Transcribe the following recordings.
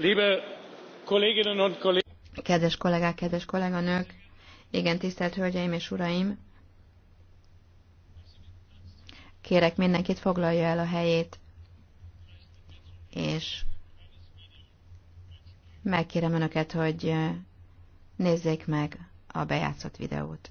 Liebe Kolleginnen und Kollegen! Kedves kollégák, kedves kolléganők! Igen, tisztelt Hölgyeim és Uraim! Kérek mindenkit foglalja el a helyét, és megkérem Önöket, hogy nézzék meg a bejátszott videót.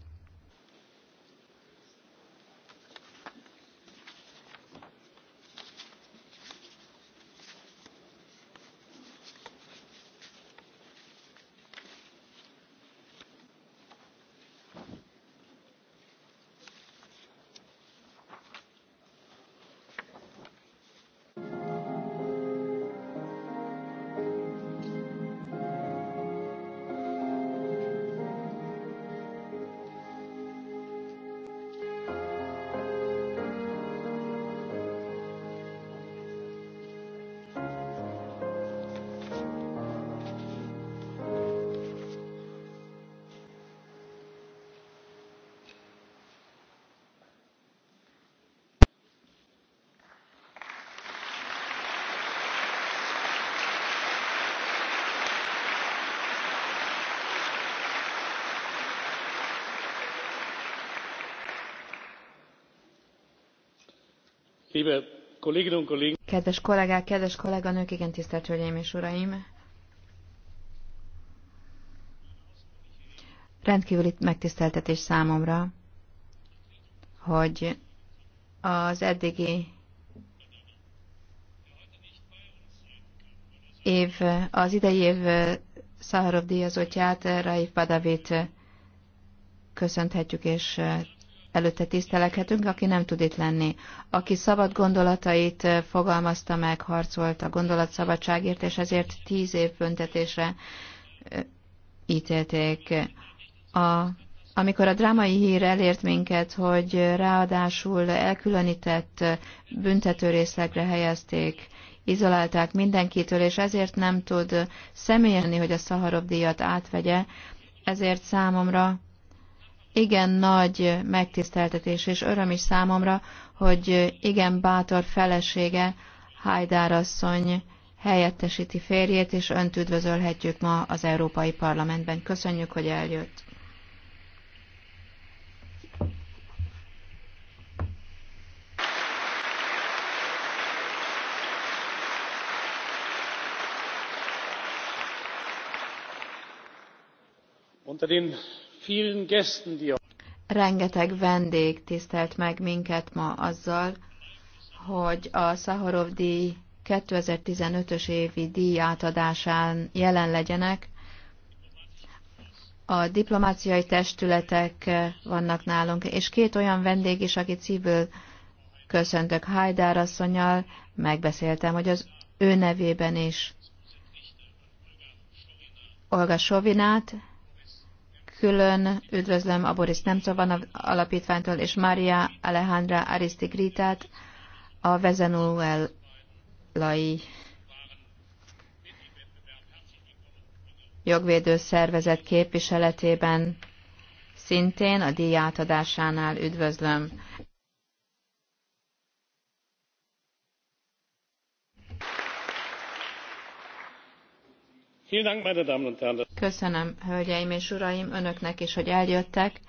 Kedves kollégák, kedves kolléganők, igen tisztelt Hölgyeim és Uraim! Rendkívüli megtiszteltetés számomra, hogy az eddigi év, az idei év Szaharov díjazottját, Raif Badavit köszönthetjük és előtte tisztelekhetünk, aki nem tud itt lenni, aki szabad gondolatait eh, fogalmazta meg, harcolt a gondolatszabadságért, és ezért tíz év büntetésre eh, ítélték. A, amikor a drámai hír elért minket, hogy ráadásul elkülönített eh, büntető részlegre helyezték, izolálták mindenkitől, és ezért nem tud személyenni, hogy a Szaharov díjat átvegye, ezért számomra igen nagy megtiszteltetés és öröm is számomra, hogy igen bátor felesége, Hajdár asszony helyettesíti férjét, és önt üdvözölhetjük ma az Európai Parlamentben. Köszönjük, hogy eljött. Unter den vielen Gästen, die Rengeteg vendég tisztelt meg minket ma azzal, hogy a Szaharov díj 2015-ös évi díj átadásán jelen legyenek. A diplomáciai testületek vannak nálunk, és két olyan vendég is, akit szívből köszöntök Hajdár asszonyal, megbeszéltem, hogy az ő nevében is Olga Sovinát, Külön üdvözlöm a Boris Nemcovan alapítványtól és Maria Alejandra Aristigritát, a vezenuelai jogvédő szervezet képviseletében szintén a díj átadásánál üdvözlöm Köszönöm, hölgyeim és uraim, önöknek is, hogy eljöttek.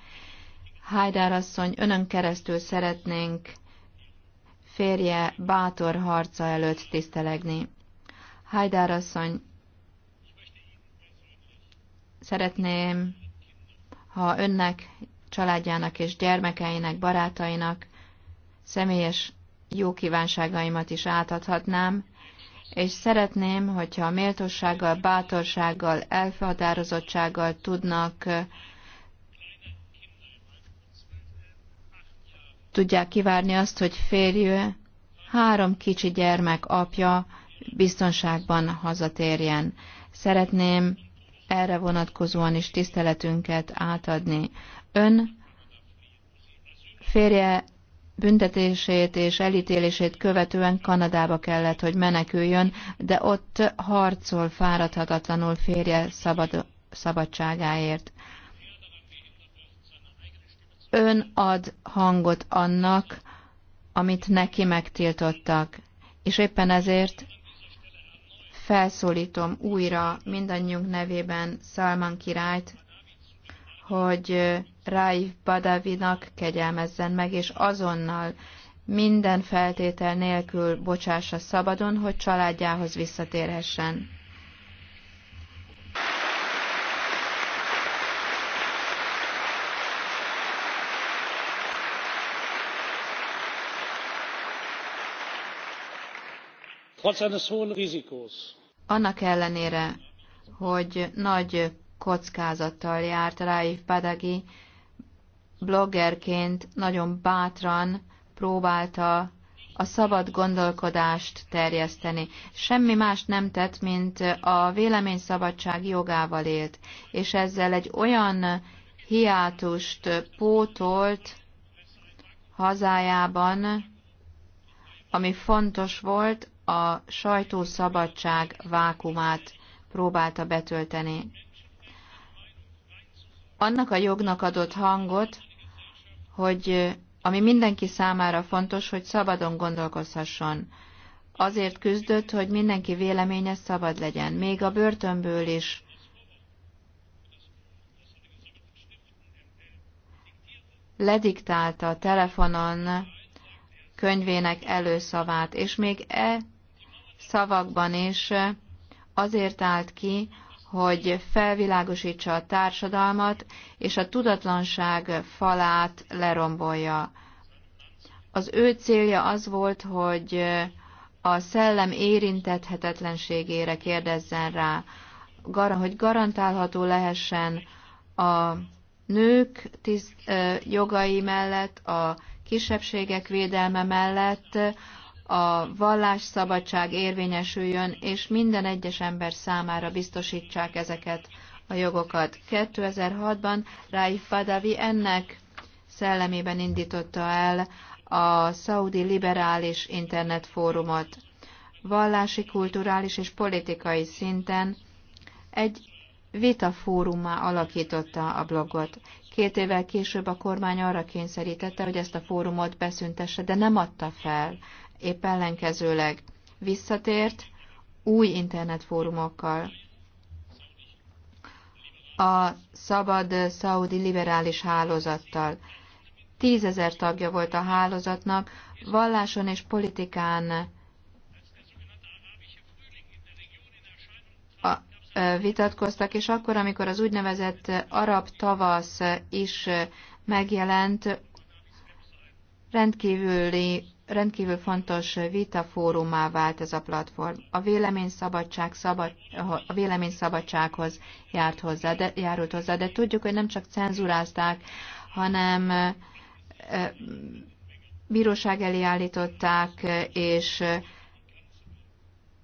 Hajdár asszony, önön keresztül szeretnénk férje bátor harca előtt tisztelegni. Hajdár asszony, szeretném, ha önnek, családjának és gyermekeinek, barátainak személyes jó kívánságaimat is átadhatnám, és szeretném, hogyha a méltósággal, bátorsággal, elfehatározottsággal tudnak tudják kivárni azt, hogy férjő, három kicsi gyermek apja biztonságban hazatérjen. Szeretném erre vonatkozóan is tiszteletünket átadni. Ön férje büntetését és elítélését követően Kanadába kellett, hogy meneküljön, de ott harcol fáradhatatlanul férje szabad, szabadságáért. Ön ad hangot annak, amit neki megtiltottak, és éppen ezért felszólítom újra mindannyiunk nevében Szalman királyt, hogy Raif Badavinak kegyelmezzen meg, és azonnal minden feltétel nélkül bocsássa szabadon, hogy családjához visszatérhessen. Annak ellenére, hogy nagy kockázattal járt. Raif Padagi bloggerként nagyon bátran próbálta a szabad gondolkodást terjeszteni. Semmi más nem tett, mint a véleményszabadság jogával élt, és ezzel egy olyan hiátust pótolt hazájában, ami fontos volt, a sajtószabadság vákumát próbálta betölteni annak a jognak adott hangot, hogy ami mindenki számára fontos, hogy szabadon gondolkozhasson. Azért küzdött, hogy mindenki véleménye szabad legyen, még a börtönből is. Lediktálta telefonon könyvének előszavát, és még e szavakban is azért állt ki, hogy felvilágosítsa a társadalmat, és a tudatlanság falát lerombolja. Az ő célja az volt, hogy a szellem érintethetetlenségére kérdezzen rá, hogy garantálható lehessen a nők tiszt, jogai mellett, a kisebbségek védelme mellett, a vallásszabadság érvényesüljön, és minden egyes ember számára biztosítsák ezeket a jogokat. 2006-ban Raif Badawi ennek szellemében indította el a saudi Liberális Internetfórumot. Vallási, kulturális és politikai szinten egy vita vitafórummá alakította a blogot. Két évvel később a kormány arra kényszerítette, hogy ezt a fórumot beszüntesse, de nem adta fel épp ellenkezőleg visszatért új internetfórumokkal. A szabad szaudi liberális hálózattal. Tízezer tagja volt a hálózatnak, valláson és politikán vitatkoztak, és akkor, amikor az úgynevezett arab tavasz is megjelent, rendkívüli rendkívül fontos vitafórumá vált ez a platform. A véleményszabadság szabad, a véleményszabadsághoz járt hozzá, de, járult hozzá, de tudjuk, hogy nem csak cenzurázták, hanem bíróság elé állították, és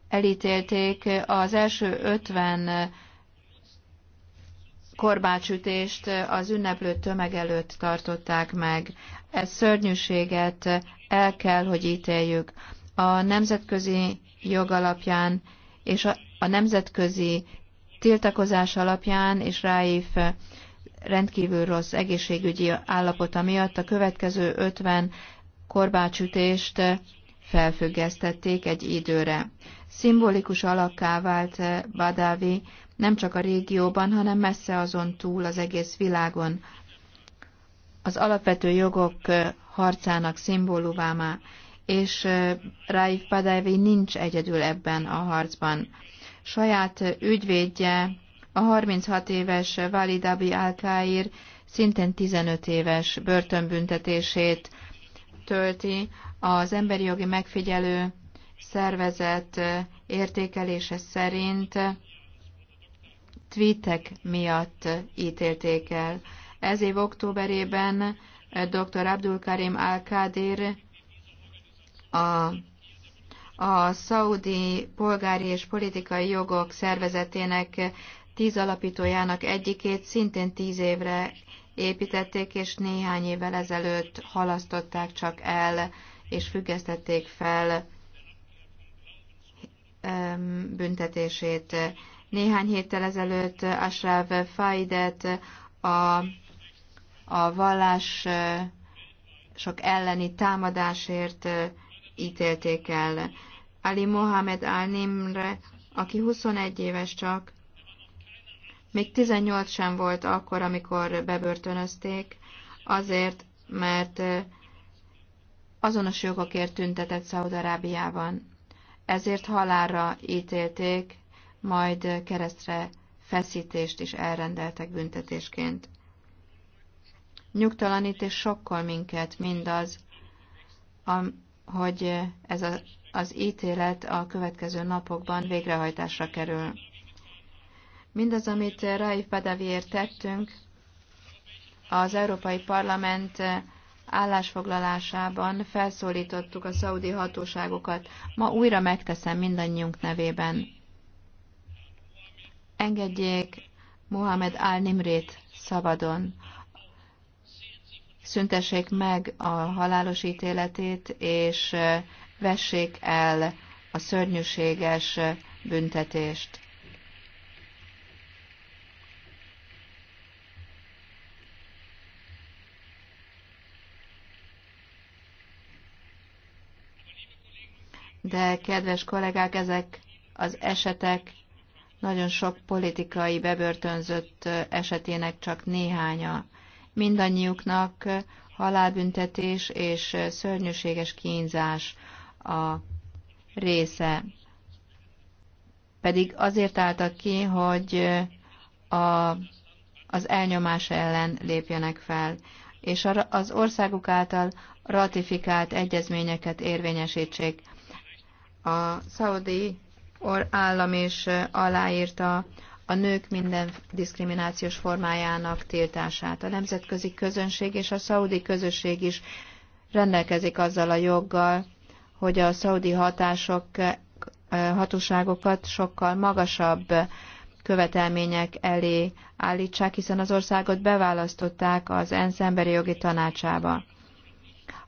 elítélték az első 50 korbácsütést az ünneplő tömeg előtt tartották meg. Ez szörnyűséget el kell, hogy ítéljük. A nemzetközi jog alapján és a, a nemzetközi tiltakozás alapján és ráív rendkívül rossz egészségügyi állapota miatt a következő 50 korbácsütést felfüggesztették egy időre. Szimbolikus alakká vált Badavi nem csak a régióban, hanem messze azon túl az egész világon. Az alapvető jogok harcának szimbólumává, és Raif Badawi nincs egyedül ebben a harcban. Saját ügyvédje, a 36 éves Validabi Alkáir szintén 15 éves börtönbüntetését tölti az emberi jogi megfigyelő szervezet értékelése szerint tweetek miatt ítélték el. Ez év októberében eh, dr. Abdul Karim Al-Kadir a, a szaudi polgári és politikai jogok szervezetének tíz alapítójának egyikét szintén tíz évre építették, és néhány évvel ezelőtt halasztották csak el, és függesztették fel büntetését. Néhány héttel ezelőtt Ashraf Faidet a, a vallás eh, sok elleni támadásért eh, ítélték el. Ali Mohamed Al-Nimre, aki 21 éves csak, még 18 sem volt akkor, amikor bebörtönözték, azért, mert eh, azonos jogokért tüntetett Szaudarábiában. Ezért halálra ítélték, majd keresztre feszítést is elrendeltek büntetésként. Nyugtalanít és sokkol minket mindaz, hogy ez a, az ítélet a következő napokban végrehajtásra kerül. Mindaz, amit Raif Badaviért tettünk, az Európai Parlament állásfoglalásában felszólítottuk a szaudi hatóságokat. Ma újra megteszem mindannyiunk nevében engedjék Mohamed Al-Nimrét szabadon. Szüntessék meg a halálos ítéletét, és vessék el a szörnyűséges büntetést. De kedves kollégák, ezek az esetek nagyon sok politikai bebörtönzött esetének csak néhánya. Mindannyiuknak halálbüntetés és szörnyűséges kínzás a része. Pedig azért álltak ki, hogy a, az elnyomás ellen lépjenek fel, és az országuk által ratifikált egyezményeket érvényesítsék. A szaudi or állam is aláírta a nők minden diszkriminációs formájának tiltását. A nemzetközi közönség és a szaudi közösség is rendelkezik azzal a joggal, hogy a szaudi hatások, hatóságokat sokkal magasabb követelmények elé állítsák, hiszen az országot beválasztották az ENSZ emberi jogi tanácsába.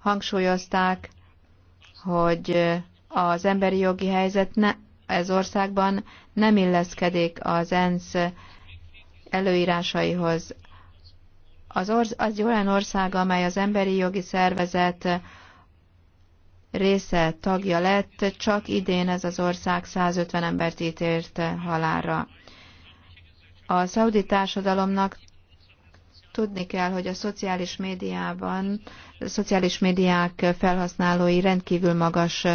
Hangsúlyozták, hogy az emberi jogi helyzet ne, ez országban nem illeszkedik az ENSZ előírásaihoz. Az, orz, az egy olyan ország, amely az emberi jogi szervezet része tagja lett, csak idén ez az ország 150 embert ítélt halálra. A szaudi társadalomnak tudni kell, hogy a szociális médiában, a szociális médiák felhasználói rendkívül magas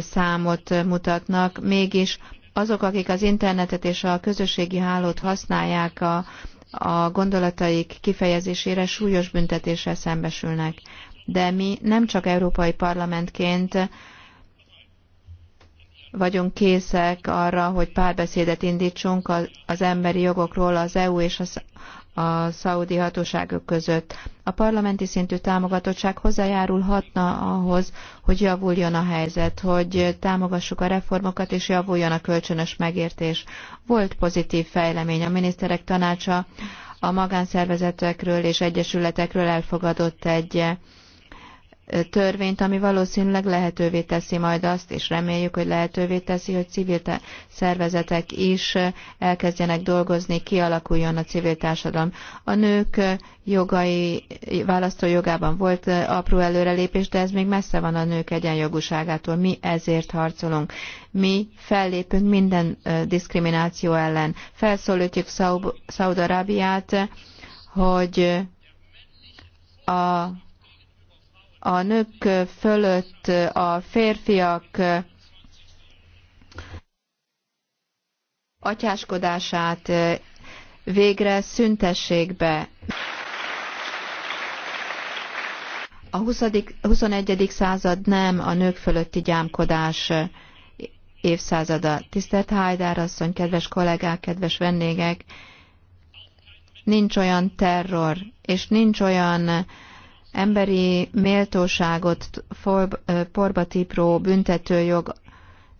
számot mutatnak, mégis azok, akik az internetet és a közösségi hálót használják a, a gondolataik kifejezésére, súlyos büntetéssel szembesülnek. De mi nem csak Európai Parlamentként vagyunk készek arra, hogy párbeszédet indítsunk az emberi jogokról az EU és a, a szaudi hatóságok között. A parlamenti szintű támogatottság hozzájárulhatna ahhoz, hogy javuljon a helyzet, hogy támogassuk a reformokat és javuljon a kölcsönös megértés. Volt pozitív fejlemény. A miniszterek tanácsa a magánszervezetekről és egyesületekről elfogadott egy törvényt, ami valószínűleg lehetővé teszi majd azt, és reméljük, hogy lehetővé teszi, hogy civil szervezetek is elkezdjenek dolgozni, kialakuljon a civil társadalom. A nők jogai, választójogában volt apró előrelépés, de ez még messze van a nők egyenjogúságától. Mi ezért harcolunk. Mi fellépünk minden diszkrimináció ellen. Felszólítjuk Szaudarábiát, hogy a a nők fölött a férfiak atyáskodását végre szüntessék be. A 20. 21. század nem a nők fölötti gyámkodás évszázada. Tisztelt Hájdár asszony, kedves kollégák, kedves vendégek, nincs olyan terror, és nincs olyan emberi méltóságot porba tipró büntetőjog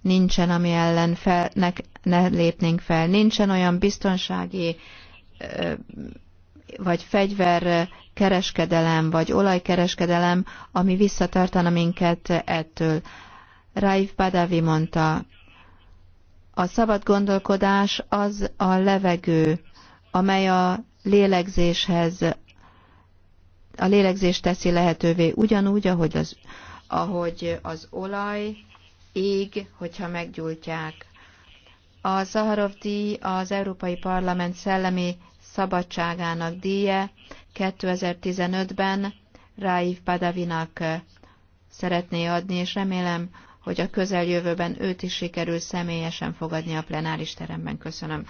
nincsen, ami ellen fel, ne, ne lépnénk fel. Nincsen olyan biztonsági vagy fegyver kereskedelem, vagy olajkereskedelem, ami visszatartana minket ettől. Raif Badavi mondta, a szabad gondolkodás az a levegő, amely a lélegzéshez, a lélegzés teszi lehetővé ugyanúgy, ahogy az, ahogy az olaj ég, hogyha meggyújtják. A Zaharov díj az Európai Parlament szellemi szabadságának díje 2015-ben Raif Padavinak szeretné adni, és remélem, hogy a közeljövőben őt is sikerül személyesen fogadni a plenáris teremben. Köszönöm.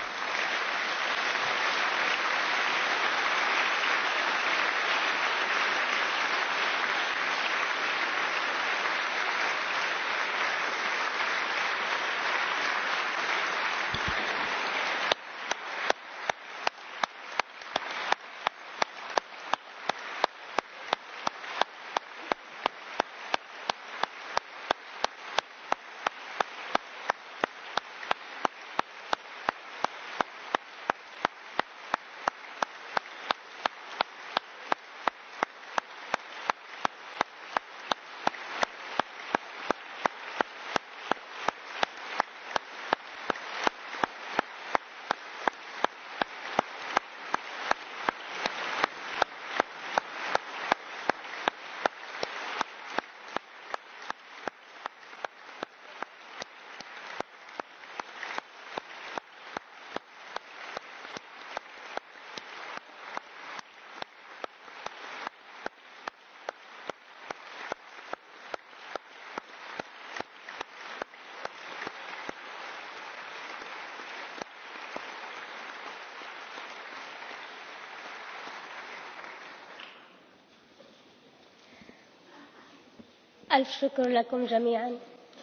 ألف شكر لكم جميعا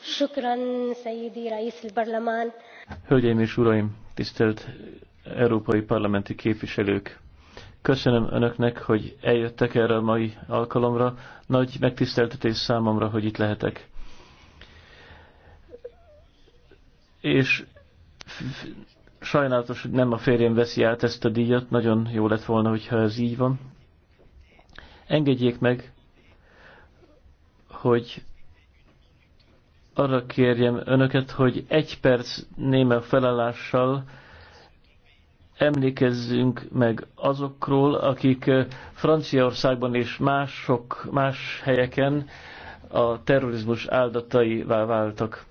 شكرا سيدي رئيس البرلمان Hölgyeim és Uraim, tisztelt európai parlamenti képviselők! Köszönöm Önöknek, hogy eljöttek erre a mai alkalomra. Nagy megtiszteltetés számomra, hogy itt lehetek. És sajnálatos, hogy nem a férjem veszi át ezt a díjat, nagyon jó lett volna, hogyha ez így van. Engedjék meg, hogy arra kérjem önöket, hogy egy perc néme felállással emlékezzünk meg azokról, akik eh, Franciaországban és mások, más helyeken a terrorizmus áldataivá váltak.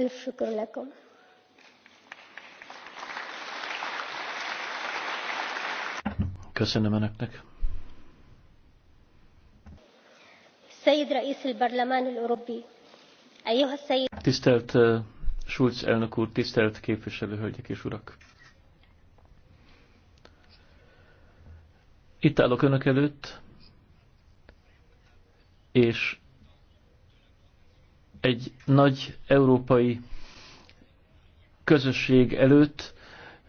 ألف شكر لكم Köszönöm Önöknek. a رئيس البرلمان الأوروبي أيها السيد Tisztelt uh, Schulz elnök úr, tisztelt képviselő hölgyek és urak! Itt állok Önök előtt, és egy nagy európai közösség előtt,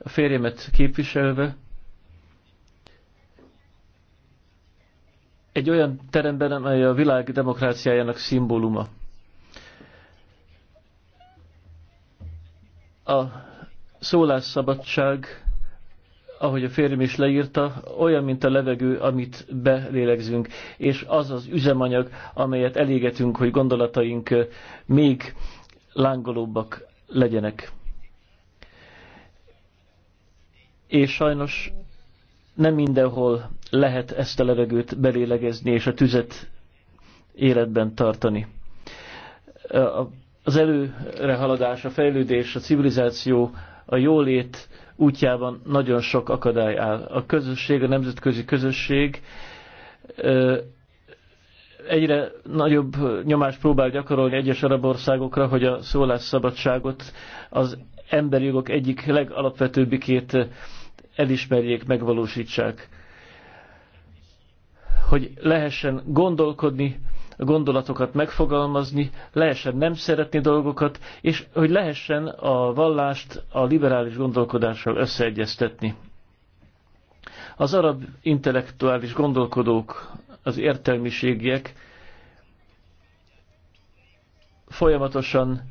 a férjemet képviselve, egy olyan teremben, amely a világ demokráciájának szimbóluma. A szólásszabadság ahogy a férjem is leírta, olyan, mint a levegő, amit belélegzünk, és az az üzemanyag, amelyet elégetünk, hogy gondolataink még lángolóbbak legyenek. És sajnos nem mindenhol lehet ezt a levegőt belélegezni és a tüzet életben tartani. Az előrehaladás, a fejlődés, a civilizáció, a jólét, útjában nagyon sok akadály áll. A közösség, a nemzetközi közösség egyre nagyobb nyomást próbál gyakorolni egyes arab országokra, hogy a szólásszabadságot az emberi jogok egyik legalapvetőbbikét elismerjék, megvalósítsák. Hogy lehessen gondolkodni, gondolatokat megfogalmazni, lehessen nem szeretni dolgokat, és hogy lehessen a vallást a liberális gondolkodással összeegyeztetni. Az arab intellektuális gondolkodók, az értelmiségiek folyamatosan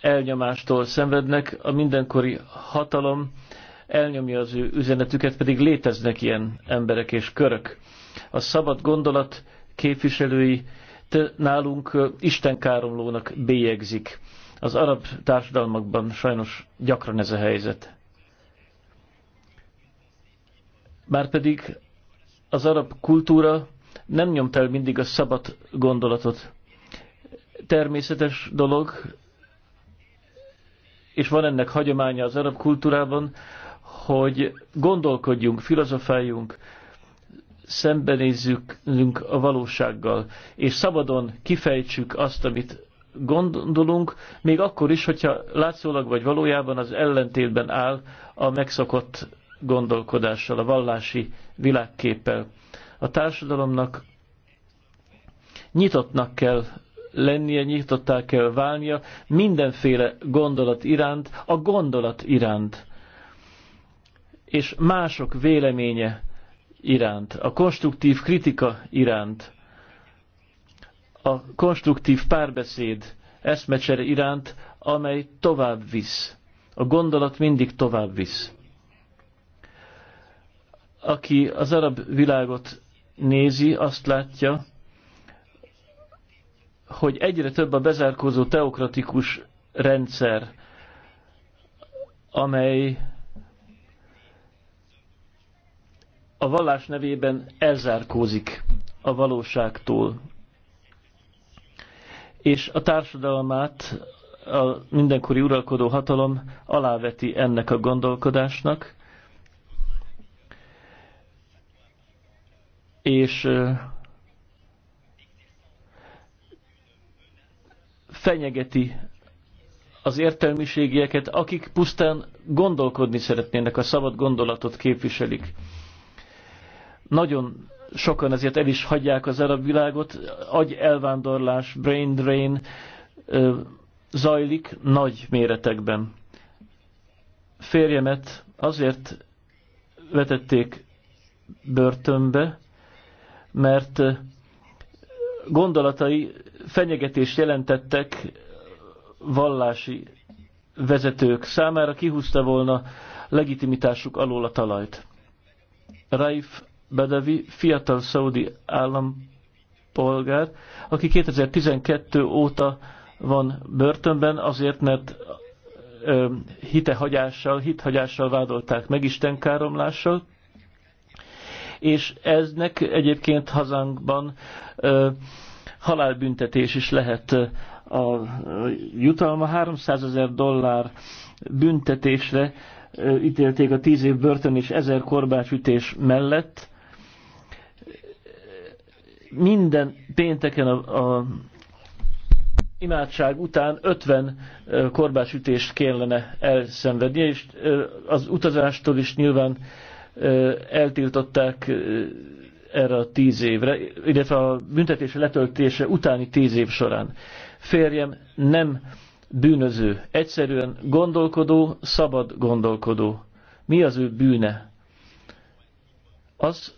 elnyomástól szenvednek, a mindenkori hatalom elnyomja az ő üzenetüket, pedig léteznek ilyen emberek és körök. A szabad gondolat képviselői nálunk istenkáromlónak bélyegzik. Az arab társadalmakban sajnos gyakran ez a helyzet. Márpedig az arab kultúra nem nyomt el mindig a szabad gondolatot. Természetes dolog, és van ennek hagyománya az arab kultúrában, hogy gondolkodjunk, filozofáljunk, szembenézzünk a valósággal, és szabadon kifejtsük azt, amit gondolunk, még akkor is, hogyha látszólag vagy valójában az ellentétben áll a megszokott gondolkodással, a vallási világképpel. A társadalomnak nyitottnak kell lennie, nyitottá kell válnia mindenféle gondolat iránt, a gondolat iránt. És mások véleménye iránt, a konstruktív kritika iránt, a konstruktív párbeszéd eszmecsere iránt, amely tovább visz. A gondolat mindig tovább visz. Aki az arab világot nézi, azt látja, hogy egyre több a bezárkózó teokratikus rendszer, amely a vallás nevében elzárkózik a valóságtól, és a társadalmát a mindenkori uralkodó hatalom aláveti ennek a gondolkodásnak, és fenyegeti az értelmiségieket, akik pusztán gondolkodni szeretnének, a szabad gondolatot képviselik. Nagyon sokan ezért el is hagyják az arab világot, agy elvándorlás, brain drain zajlik nagy méretekben. Férjemet azért vetették börtönbe, mert gondolatai fenyegetést jelentettek vallási vezetők számára, kihúzta volna legitimitásuk alól a talajt. Raif Bedevi fiatal szaudi állampolgár, aki 2012 óta van börtönben azért, mert ö, hitehagyással, hithagyással vádolták meg, istenkáromlással, és eznek egyébként hazánkban ö, halálbüntetés is lehet a jutalma. 300 ezer dollár büntetésre ö, ítélték a 10 év börtön és 1000 korbácsütés mellett, minden pénteken a, a imádság után 50 korbásütést kellene elszenvednie, és az utazástól is nyilván eltiltották erre a tíz évre, illetve a büntetése letöltése utáni tíz év során. Férjem nem bűnöző, egyszerűen gondolkodó, szabad gondolkodó. Mi az ő bűne? Az,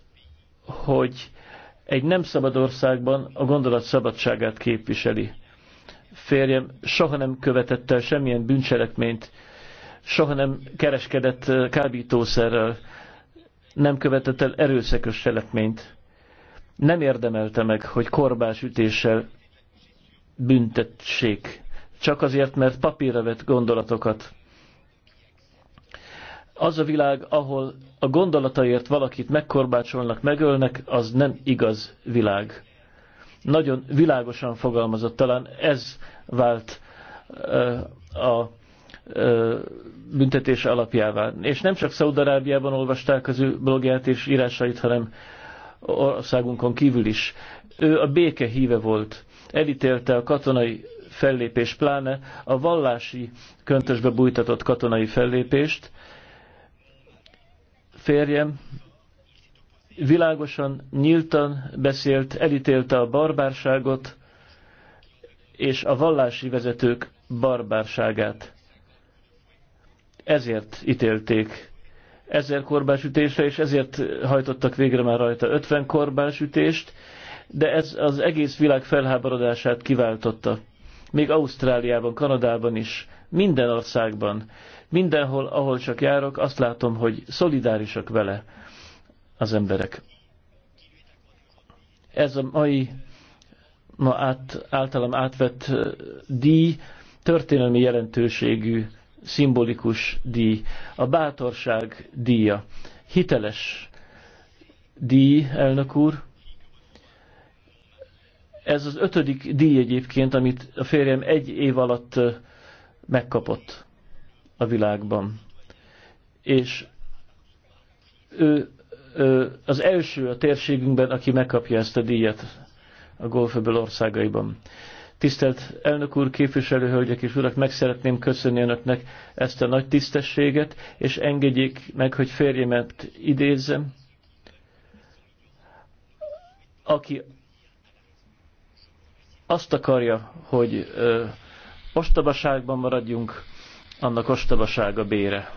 hogy egy nem szabad országban a gondolat szabadságát képviseli. Férjem soha nem követett el semmilyen bűncselekményt, soha nem kereskedett kábítószerrel, nem követett el erőszakos cselekményt. Nem érdemelte meg, hogy ütéssel büntetsék, csak azért, mert papírra vett gondolatokat az a világ, ahol a gondolataért valakit megkorbácsolnak, megölnek, az nem igaz világ. Nagyon világosan fogalmazott, talán ez vált ö, a ö, büntetés alapjává. És nem csak Szaudarábiában olvasták az ő blogját és írásait, hanem országunkon kívül is. Ő a béke híve volt. Elítélte a katonai fellépés, pláne a vallási köntösbe bújtatott katonai fellépést, férjem világosan, nyíltan beszélt, elítélte a barbárságot és a vallási vezetők barbárságát. Ezért ítélték ezer korbásütésre, és ezért hajtottak végre már rajta 50 korbásütést, de ez az egész világ felháborodását kiváltotta még Ausztráliában, Kanadában is, minden országban, mindenhol, ahol csak járok, azt látom, hogy szolidárisak vele az emberek. Ez a mai ma át, általam átvett díj történelmi jelentőségű, szimbolikus díj, a bátorság díja, hiteles díj, elnök úr, ez az ötödik díj egyébként, amit a férjem egy év alatt megkapott a világban. És ő, ő az első a térségünkben, aki megkapja ezt a díjat a golföböl országaiban. Tisztelt elnök úr, képviselő hölgyek és urak, meg szeretném köszönni önöknek ezt a nagy tisztességet, és engedjék meg, hogy férjemet idézzem, aki azt akarja, hogy ö, ostobaságban maradjunk, annak ostobasága bére.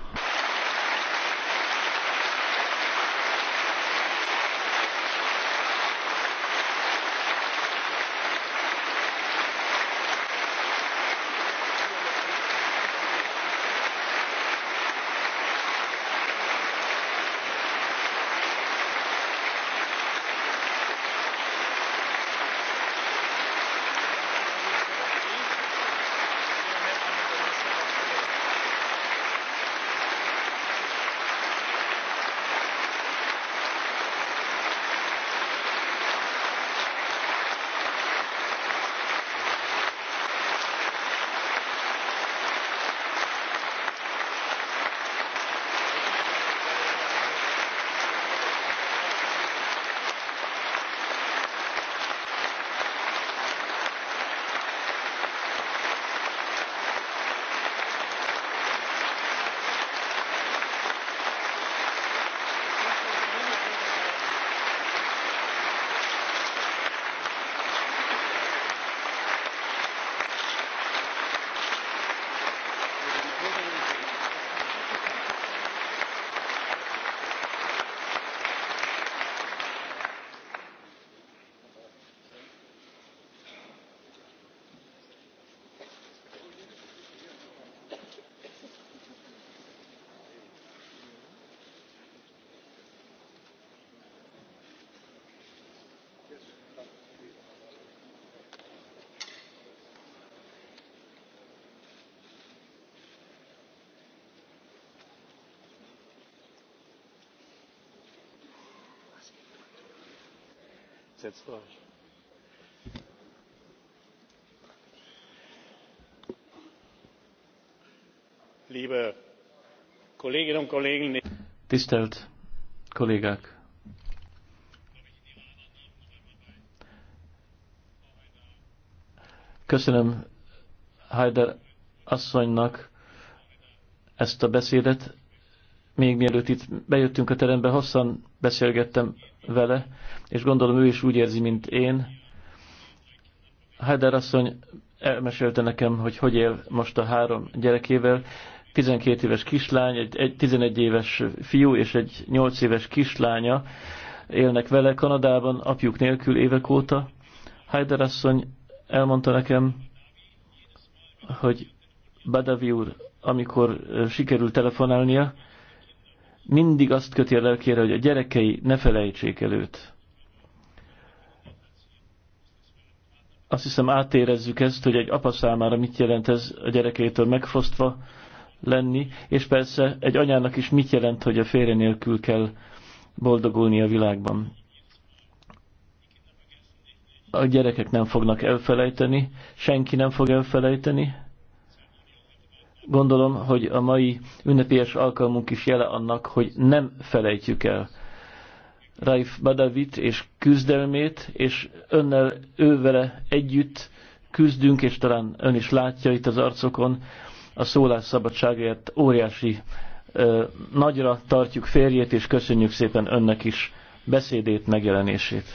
Tisztelt kollégák! Köszönöm Haider asszonynak ezt a beszédet még mielőtt itt bejöttünk a terembe, hosszan beszélgettem vele, és gondolom ő is úgy érzi, mint én. Heider asszony elmesélte nekem, hogy hogy él most a három gyerekével. 12 éves kislány, egy, egy 11 éves fiú és egy 8 éves kislánya élnek vele Kanadában, apjuk nélkül évek óta. Heider asszony elmondta nekem, hogy Badavi úr, amikor sikerült telefonálnia, mindig azt köti a lelkére, hogy a gyerekei ne felejtsék el őt. Azt hiszem átérezzük ezt, hogy egy apa számára mit jelent ez a gyerekétől megfosztva lenni, és persze egy anyának is mit jelent, hogy a férje nélkül kell boldogulni a világban. A gyerekek nem fognak elfelejteni, senki nem fog elfelejteni, gondolom, hogy a mai ünnepélyes alkalmunk is jele annak, hogy nem felejtjük el Raif Badavit és küzdelmét, és önnel, ővele együtt küzdünk, és talán ön is látja itt az arcokon, a szólásszabadságért óriási ö, nagyra tartjuk férjét, és köszönjük szépen önnek is beszédét, megjelenését.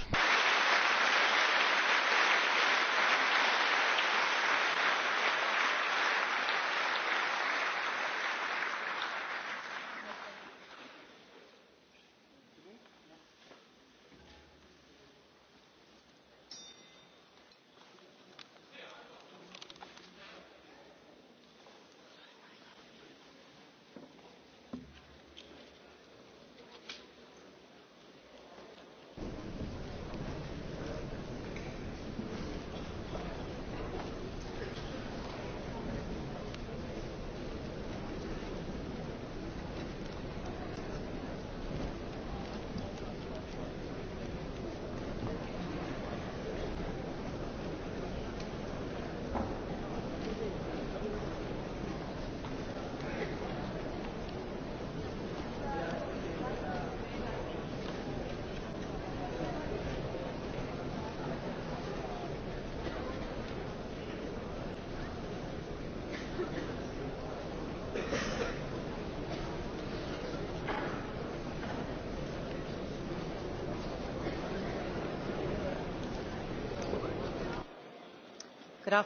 Jó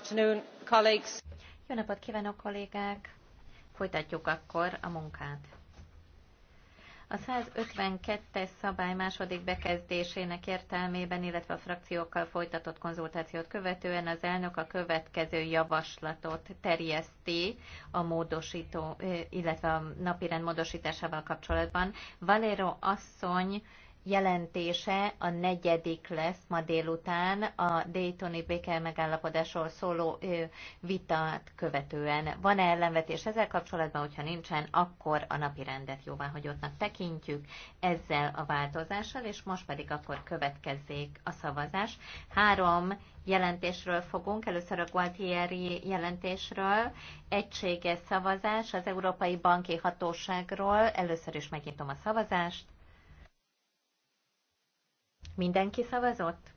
napot kívánok, kollégák! Folytatjuk akkor a munkát. A 152-es szabály második bekezdésének értelmében, illetve a frakciókkal folytatott konzultációt követően az elnök a következő javaslatot terjeszti a módosító, illetve a napirend módosításával kapcsolatban. Valero asszony jelentése a negyedik lesz ma délután a Daytoni béke megállapodásról szóló vitát követően. Van-e ellenvetés ezzel kapcsolatban, hogyha nincsen, akkor a napi rendet jóváhagyottnak tekintjük ezzel a változással, és most pedig akkor következzék a szavazás. Három jelentésről fogunk, először a Gualtieri jelentésről, egységes szavazás az Európai Banki Hatóságról, először is megnyitom a szavazást. Mindenki szavazott?